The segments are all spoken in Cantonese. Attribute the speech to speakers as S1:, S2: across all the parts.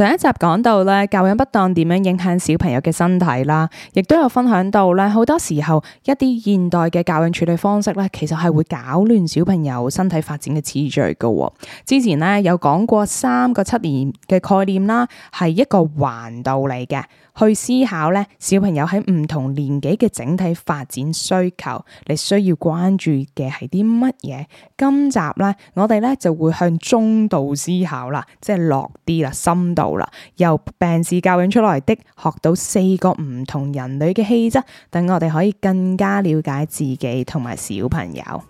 S1: 上一集講到咧教養不當點樣影響小朋友嘅身體啦，亦都有分享到咧好多時候一啲現代嘅教養處理方式咧，其實係會搞亂小朋友身體發展嘅次序㗎。之前咧有講過三個七年嘅概念啦，係一個環度嚟嘅，去思考咧小朋友喺唔同年紀嘅整體發展需求，你需要關注嘅係啲乜嘢。今集咧我哋咧就會向中度思考啦，即係落啲啦，深度。由病是教養出來的，學到四個唔同人類嘅氣質，等我哋可以更加了解自己同埋小朋友。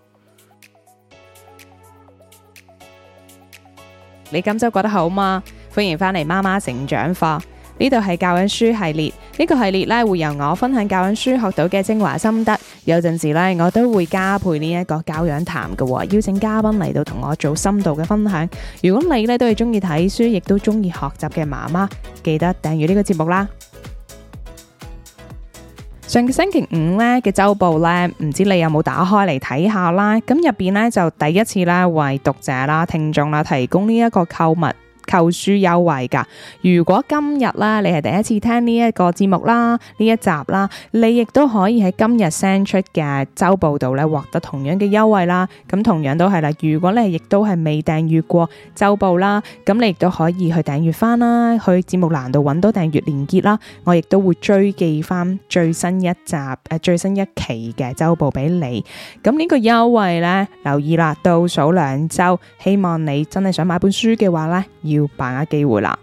S1: 你今周過得好嗎？歡迎翻嚟媽媽成長課，呢度係教養書系列，呢、呢個系列拉會由我分享教養書學到嘅精華心得。有陣時咧，我都會加配呢一個教養談嘅，邀請嘉賓嚟到同我做深度嘅分享。如果你咧都係中意睇書，亦都中意學習嘅媽媽，記得訂閱呢個節目啦。上個星期五咧嘅週報咧，唔知你有冇打開嚟睇下啦？咁入邊咧就第一次啦，為讀者啦、聽眾啦提供呢一個購物。購書優惠噶，如果今日啦，你係第一次聽呢一個節目啦，呢一集啦，你亦都可以喺今日 send 出嘅週報度咧獲得同樣嘅優惠啦。咁同樣都係啦，如果你亦都係未訂閱過週報啦，咁你亦都可以去訂閱翻啦，去節目欄度揾到訂閱連結啦，我亦都會追寄翻最新一集誒、呃、最新一期嘅週報俾你。咁呢個優惠呢，留意啦，倒數兩週，希望你真係想買本書嘅話呢，要把握機會啦。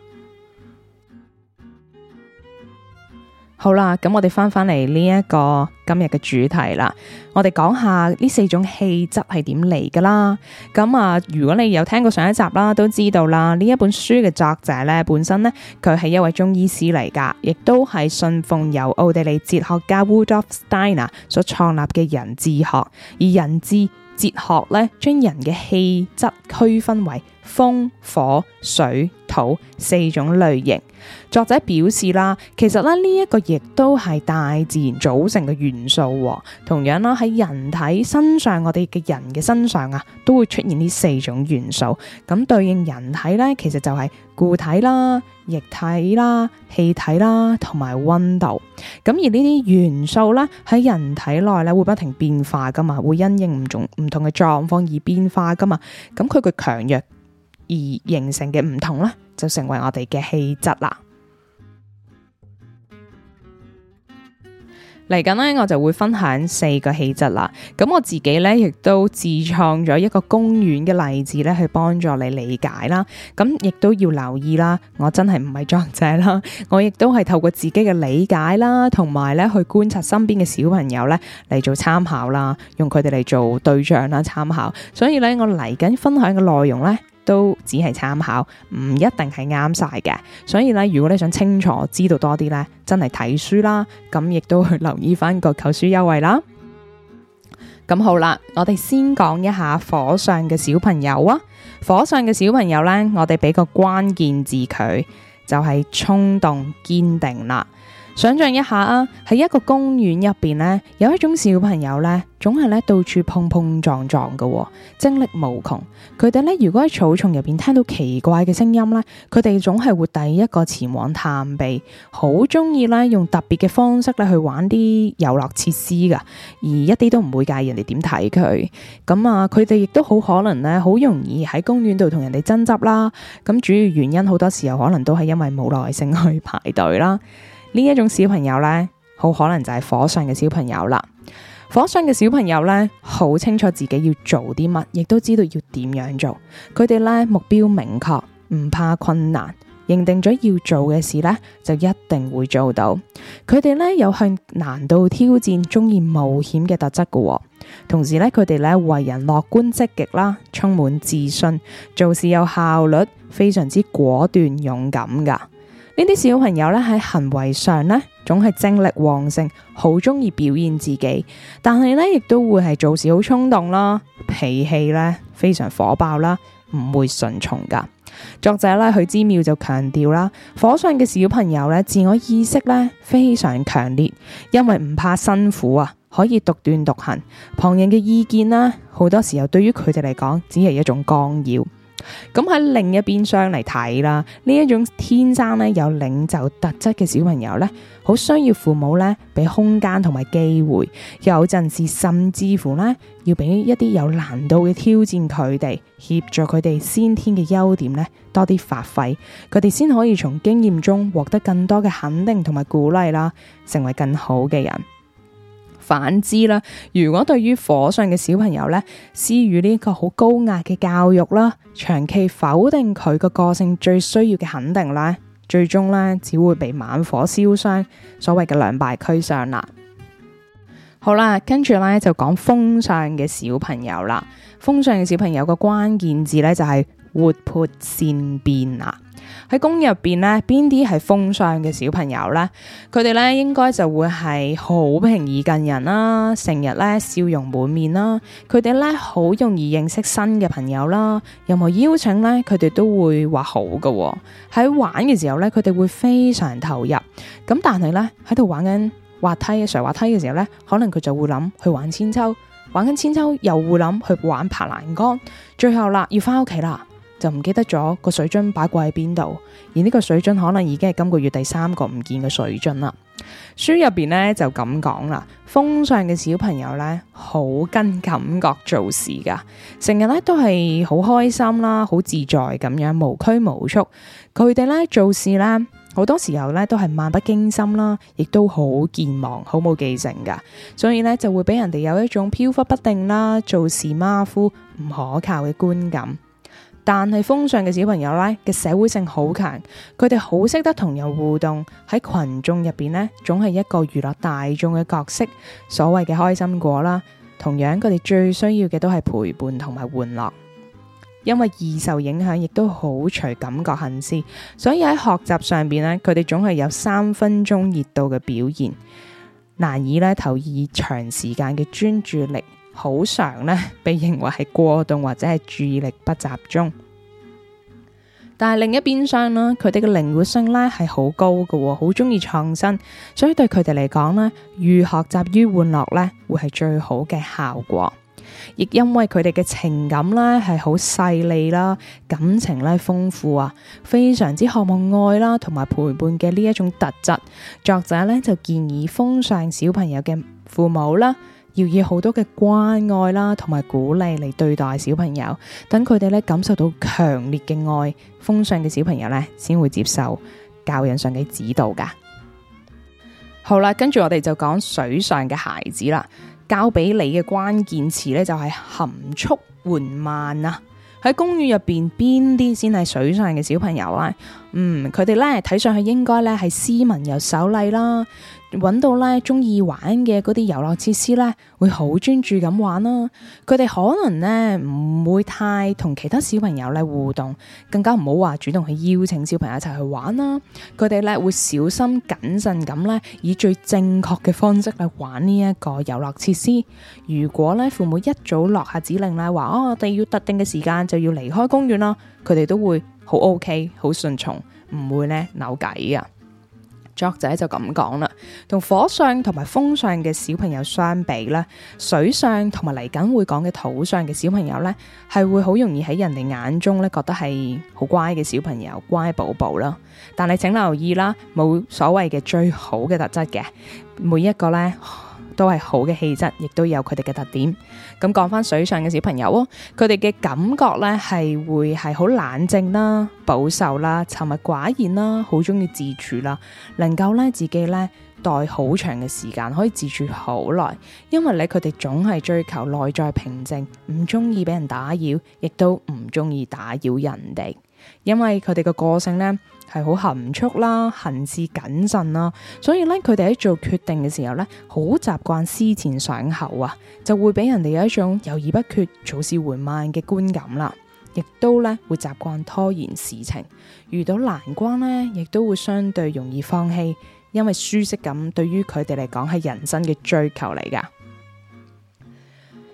S1: 好啦，咁我哋翻翻嚟呢一個今日嘅主題啦，我哋講下呢四種氣質係點嚟噶啦。咁啊，如果你有聽過上一集啦，都知道啦，呢一本書嘅作者呢，本身呢，佢係一位中醫師嚟噶，亦都係信奉由奧地利哲學家 Woodof Steiner 所創立嘅人智學，而人智哲學呢，將人嘅氣質區分為。風、火、水、土四種類型，作者表示啦，其實啦呢一個亦都係大自然組成嘅元素，同樣啦喺人體身上，我哋嘅人嘅身上啊都會出現呢四種元素。咁對應人體咧，其實就係固體啦、液體啦、氣體啦同埋溫度。咁而呢啲元素咧喺人體內咧會不停變化噶嘛，會因應唔同唔同嘅狀況而變化噶嘛。咁佢個強弱。而形成嘅唔同啦，就成為我哋嘅氣質啦。嚟緊呢，我就會分享四個氣質啦。咁我自己呢，亦都自創咗一個公園嘅例子呢，去幫助你理解啦。咁亦都要留意啦。我真係唔係作者啦，我亦都係透過自己嘅理解啦，同埋呢去觀察身邊嘅小朋友呢，嚟做參考啦，用佢哋嚟做對象啦，參考。所以呢，我嚟緊分享嘅內容呢。都只係參考，唔一定係啱晒嘅。所以咧，如果你想清楚知道多啲咧，真係睇書啦，咁亦都去留意翻個購書優惠啦。咁好啦，我哋先講一下火上嘅小朋友啊。火上嘅小朋友咧，我哋俾個關鍵字佢，就係衝動堅定啦。想象一下啊，喺一個公園入邊呢，有一種小朋友呢，總係呢，到處碰碰撞撞嘅，精力無窮。佢哋呢，如果喺草叢入邊聽到奇怪嘅聲音呢，佢哋總係會第一個前往探秘，好中意呢，用特別嘅方式咧去玩啲遊樂設施噶，而一啲都唔會介意人哋點睇佢。咁啊，佢哋亦都好可能呢，好容易喺公園度同人哋爭執啦。咁主要原因好多時候可能都係因為冇耐性去排隊啦。呢一種小朋友呢，好可能就係火象嘅小朋友啦。火象嘅小朋友呢，好清楚自己要做啲乜，亦都知道要點樣做。佢哋呢，目標明確，唔怕困難，認定咗要做嘅事呢，就一定會做到。佢哋呢，有向難度挑戰，中意冒險嘅特質嘅、哦。同時呢，佢哋呢，為人樂觀積極啦，充滿自信，做事有效率，非常之果斷勇敢噶。呢啲小朋友咧喺行為上咧總係精力旺盛，好中意表現自己，但係咧亦都會係做事好衝動啦，脾氣咧非常火爆啦，唔會順從噶。作者許姿妙就強調啦，火象嘅小朋友咧自我意識咧非常強烈，因為唔怕辛苦啊，可以獨斷獨行，旁人嘅意見啦好多時候對於佢哋嚟講只係一種干擾。咁喺另一邊廂嚟睇啦，呢一種天生咧有領袖特質嘅小朋友咧，好需要父母咧俾空間同埋機會，有陣時甚至乎咧要俾一啲有難度嘅挑戰佢哋，協助佢哋先天嘅優點咧多啲發揮，佢哋先可以從經驗中獲得更多嘅肯定同埋鼓勵啦，成為更好嘅人。反之啦，如果對於火上嘅小朋友呢，施予呢個好高壓嘅教育啦，長期否定佢個個性最需要嘅肯定咧，最終呢，只會被猛火燒傷，所謂嘅兩敗俱傷啦。好啦，跟住呢，就講風上嘅小朋友啦，風上嘅小朋友個關鍵字呢，就係活潑善變啦。喺公園入邊呢邊啲係風尚嘅小朋友呢，佢哋呢應該就會係好平易近人啦，成日呢笑容滿面啦，佢哋呢好容易認識新嘅朋友啦。任何邀請呢，佢哋都會話好嘅。喺玩嘅時候呢，佢哋會非常投入。咁但係呢，喺度玩緊滑梯嘅上滑梯嘅時候呢，可能佢就會諗去玩韆鞦，玩緊韆鞦又會諗去玩爬欄杆。最後啦，要返屋企啦。就唔記得咗個水樽擺過喺邊度，而呢個水樽可能已經係今個月第三個唔見嘅水樽啦。書入邊呢就咁講啦，風上嘅小朋友呢，好跟感覺做事噶，成日呢都係好開心啦，好自在咁樣，無拘無束。佢哋呢做事呢，好多時候呢都係漫不經心啦，亦都好健忘，好冇記性噶，所以呢，就會俾人哋有一種飄忽不定啦，做事馬虎唔可靠嘅觀感。但係風象嘅小朋友呢，嘅社會性好強，佢哋好識得同人互動，喺群眾入邊呢，總係一個娛樂大眾嘅角色，所謂嘅開心果啦。同樣佢哋最需要嘅都係陪伴同埋玩樂，因為易受影響，亦都好隨感覺行事，所以喺學習上邊呢，佢哋總係有三分鐘熱度嘅表現，難以呢投入長時間嘅專注力。好常呢，被認為係過動，或者係注意力不集中，但係另一邊廂呢，佢哋嘅靈活性呢係好高嘅，好中意創新，所以對佢哋嚟講呢，寓學習於玩樂呢，會係最好嘅效果。亦因為佢哋嘅情感呢係好細膩啦，感情呢豐富啊，非常之渴望愛啦同埋陪伴嘅呢一種特質，作者呢就建議風尚小朋友嘅父母啦。要以好多嘅關愛啦，同埋鼓勵嚟對待小朋友，等佢哋咧感受到強烈嘅愛，風上嘅小，小朋友呢，先會接受教養上嘅指導噶。好啦，跟住我哋就講水上嘅孩子啦，交俾你嘅關鍵詞呢，就係含蓄緩慢啊。喺公園入邊，邊啲先係水上嘅小朋友咧？嗯，佢哋咧睇上去應該咧係斯文又守禮啦，搵到咧中意玩嘅嗰啲遊樂設施咧，會好專注咁玩啦。佢哋可能呢唔會太同其他小朋友咧互動，更加唔好話主動去邀請小朋友一齊去玩啦。佢哋咧會小心謹慎咁咧，以最正確嘅方式去玩呢一個遊樂設施。如果咧父母一早落下指令咧，話哦我哋要特定嘅時間就要離開公園啦。佢哋都會好 OK，好順從，唔會咧扭計啊，作者就咁講啦，同火相同埋風相嘅小朋友相比啦，水相同埋嚟緊會講嘅土相嘅小朋友咧，係會好容易喺人哋眼中咧覺得係好乖嘅小朋友，乖寶寶啦。但係請留意啦，冇所謂嘅最好嘅特質嘅，每一個咧。都係好嘅氣質，亦都有佢哋嘅特點。咁講翻水上嘅小朋友哦，佢哋嘅感覺呢係會係好冷靜啦、保守啦、沉默寡言啦、好中意自處啦，能夠呢自己呢待好長嘅時間，可以自處好耐。因為呢佢哋總係追求內在平靜，唔中意俾人打擾，亦都唔中意打擾人哋。因為佢哋嘅個性呢。係好含蓄啦，行事謹慎啦，所以咧，佢哋喺做決定嘅時候咧，好習慣思前想後啊，就會俾人哋有一種猶豫不決、做事緩慢嘅觀感啦，亦都咧會習慣拖延事情，遇到難關咧，亦都會相對容易放棄，因為舒適感對於佢哋嚟講係人生嘅追求嚟㗎。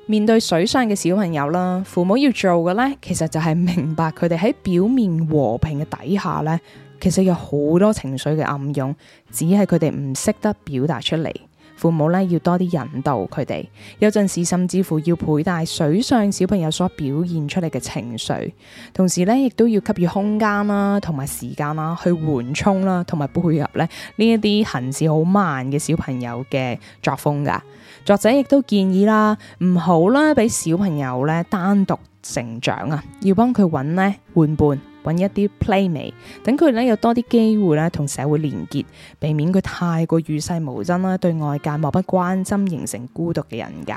S1: 面對水上嘅小朋友啦，父母要做嘅咧，其實就係明白佢哋喺表面和平嘅底下咧，其實有好多情緒嘅暗湧，只係佢哋唔識得表達出嚟。父母咧，要多啲引導佢哋，有陣時甚至乎要佩戴水上小朋友所表現出嚟嘅情緒，同時咧亦都要給予空間啦，同埋時間啦，去緩衝啦，同埋配合咧呢一啲行事好慢嘅小朋友嘅作風噶。作者亦都建議啦，唔好啦，俾小朋友單單獨成長呀，要幫佢揾咧玩伴。搵一啲 playmate，等佢咧有多啲機會咧同社會連結，避免佢太過與世無爭啦，對外界漠不關心，形成孤獨嘅人格。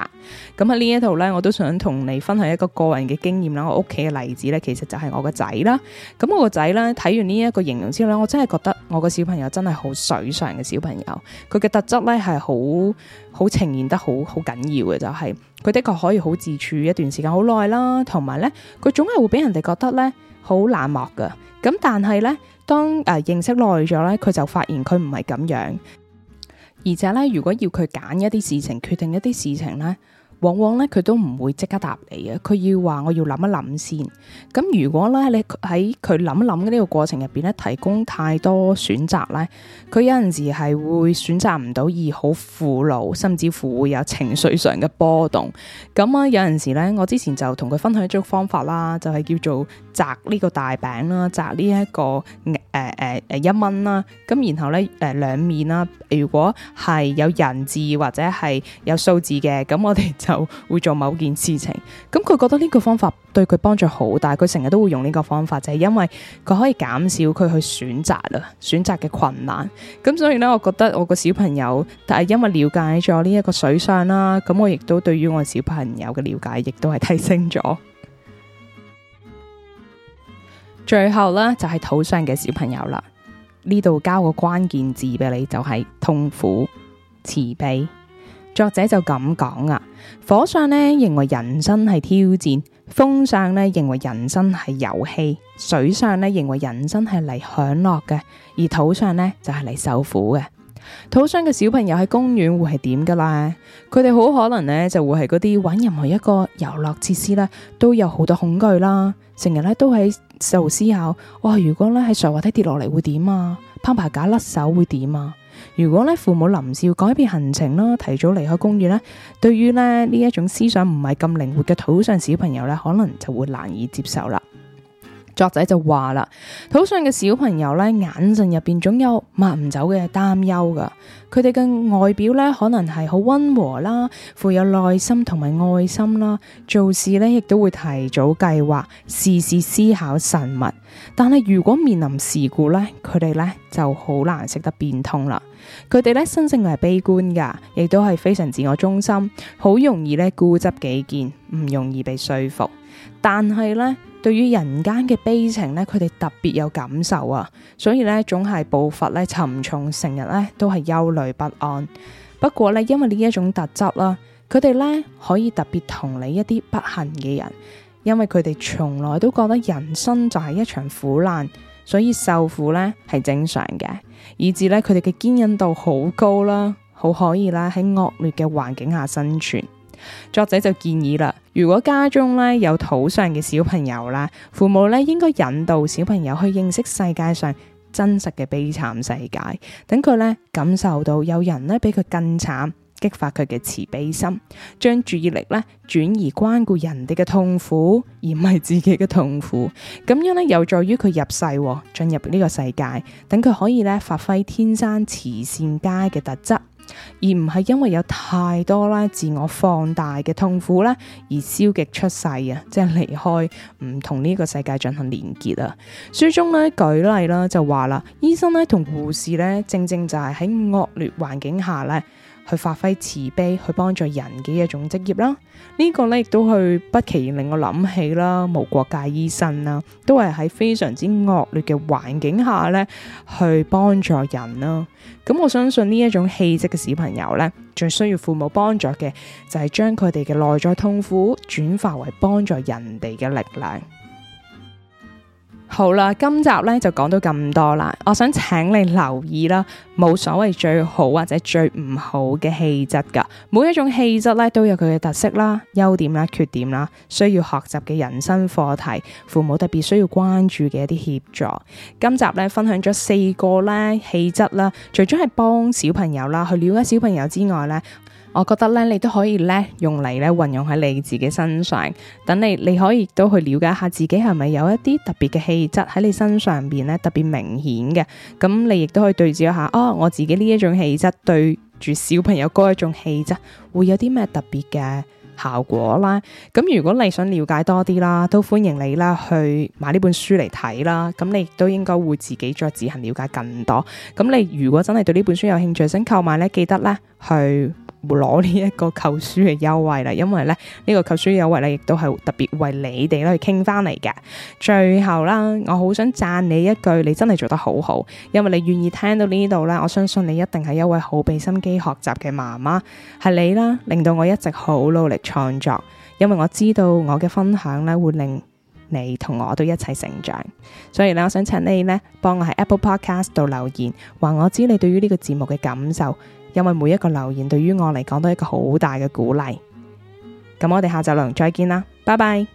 S1: 咁喺呢一度呢我都想同你分享一個個人嘅經驗啦。我屋企嘅例子呢，其實就係我個仔啦。咁我個仔呢，睇完呢一個形容之後呢，我真係覺得我個小朋友真係好水上嘅小朋友。佢嘅特質呢，係好好呈現得好好緊要嘅，就係佢的確可以好自處一段時間好耐啦，同埋呢，佢總係會俾人哋覺得呢。好冷漠噶，咁但係咧，當誒、呃、認識耐咗咧，佢就發現佢唔係咁樣，而且咧，如果要佢揀一啲事情，決定一啲事情咧，往往咧佢都唔會即刻答你啊，佢要話我要諗一諗先。咁如果咧你喺佢諗諗嘅呢個過程入邊咧，提供太多選擇咧，佢有陣時係會選擇唔到而好苦惱，甚至乎會有情緒上嘅波動。咁啊有陣時咧，我之前就同佢分享一種方法啦，就係、是、叫做摘呢個大餅啦，摘呢一個。誒誒、呃呃、一蚊啦，咁然後咧誒兩面啦，如果係有人字或者係有數字嘅，咁我哋就會做某件事情。咁佢覺得呢個方法對佢幫助好大，佢成日都會用呢個方法，就係、是、因為佢可以減少佢去選擇啦，選擇嘅困難。咁所以呢，我覺得我個小朋友，但係因為了解咗呢一個水上啦，咁我亦都對於我的小朋友嘅了解亦都係提升咗。最後呢就係、是、土上嘅小朋友啦，呢度交個關鍵字俾你，就係、是、痛苦、慈悲。作者就咁講啊，火上呢，認為人生係挑戰，風上呢，認為人生係遊戲，水上呢，認為人生係嚟享樂嘅，而土上呢，就係、是、嚟受苦嘅。土上嘅小朋友喺公園會係點噶啦？佢哋好可能呢，就會係嗰啲搵任何一個遊樂設施呢都有好多恐懼啦。成日咧都喺度思考，哇！如果咧喺上滑梯跌落嚟會點啊？攀爬架甩手會點啊？如果咧父母臨時要改變行程咯，提早離開公園呢，對於咧呢一種思想唔係咁靈活嘅土象小朋友呢，可能就會難以接受啦。作者就話啦，土象嘅小朋友咧，眼神入邊總有抹唔走嘅擔憂噶。佢哋嘅外表咧，可能係好溫和啦，富有耐心同埋愛心啦。做事咧，亦都會提早計劃，事事思考慎密。但係如果面臨事故咧，佢哋咧就好難識得變通啦。佢哋咧，生性係悲觀噶，亦都係非常自我中心，好容易咧固執己見，唔容易被說服。但係咧。對於人間嘅悲情呢，佢哋特別有感受啊，所以呢，總係步伐沉重，成日呢都係憂慮不安。不過呢，因為呢一種特質啦，佢哋呢可以特別同理一啲不幸嘅人，因為佢哋從來都覺得人生就係一場苦難，所以受苦呢係正常嘅，以至呢，佢哋嘅堅韌度好高啦，好可以啦喺惡劣嘅環境下生存。作者就建議啦，如果家中有土上嘅小朋友啦，父母咧應該引導小朋友去認識世界上真實嘅悲慘世界，等佢感受到有人比佢更慘，激發佢嘅慈悲心，將注意力咧轉移關顧人哋嘅痛苦，而唔係自己嘅痛苦，咁樣咧有助於佢入世進入呢個世界，等佢可以咧發揮天生慈善家嘅特質。而唔係因為有太多啦自我放大嘅痛苦咧，而消極出世啊，即係離開唔同呢個世界進行連結啊。書中咧舉例啦，就話啦，醫生咧同護士咧，正正就係喺惡劣環境下咧。去發揮慈悲去幫助人嘅一種職業啦，呢、這個呢，亦都去不期然令我諗起啦，無國界醫生啦、啊，都係喺非常之惡劣嘅環境下呢，去幫助人啦、啊。咁我相信呢一種氣質嘅小朋友呢，最需要父母幫助嘅就係、是、將佢哋嘅內在痛苦轉化為幫助人哋嘅力量。好啦，今集咧就講到咁多啦。我想請你留意啦，冇所謂最好或者最唔好嘅氣質噶，每一種氣質咧都有佢嘅特色啦、優點啦、缺點啦，需要學習嘅人生課題，父母特別需要關注嘅一啲協助。今集咧分享咗四個咧氣質啦，除咗係幫小朋友啦，去了解小朋友之外咧。我覺得咧，你都可以咧用嚟咧運用喺你自己身上，等你你可以都去了解下自己係咪有一啲特別嘅氣質喺你身上邊咧特別明顯嘅。咁你亦都可以對照一下哦，我自己呢一種氣質對住小朋友嗰一種氣質會有啲咩特別嘅效果啦。咁如果你想了解多啲啦，都歡迎你啦去買呢本書嚟睇啦。咁你亦都應該會自己再自行了解更多。咁你如果真係對呢本書有興趣，想購買咧，記得咧去。會攞呢一個購書嘅優惠啦，因為咧呢個購書嘅優惠咧，亦都係特別為你哋咧去傾翻嚟嘅。最後啦，我好想讚你一句，你真係做得好好，因為你願意聽到呢度咧，我相信你一定係一位好俾心機學習嘅媽媽，係你啦令到我一直好努力創作，因為我知道我嘅分享咧會令你同我都一齊成長。所以呢，我想請你咧幫我喺 Apple Podcast 度留言，話我知你對於呢個節目嘅感受。因為每一個留言對於我嚟講都係一個好大嘅鼓勵，咁我哋下集留言再見啦，拜拜。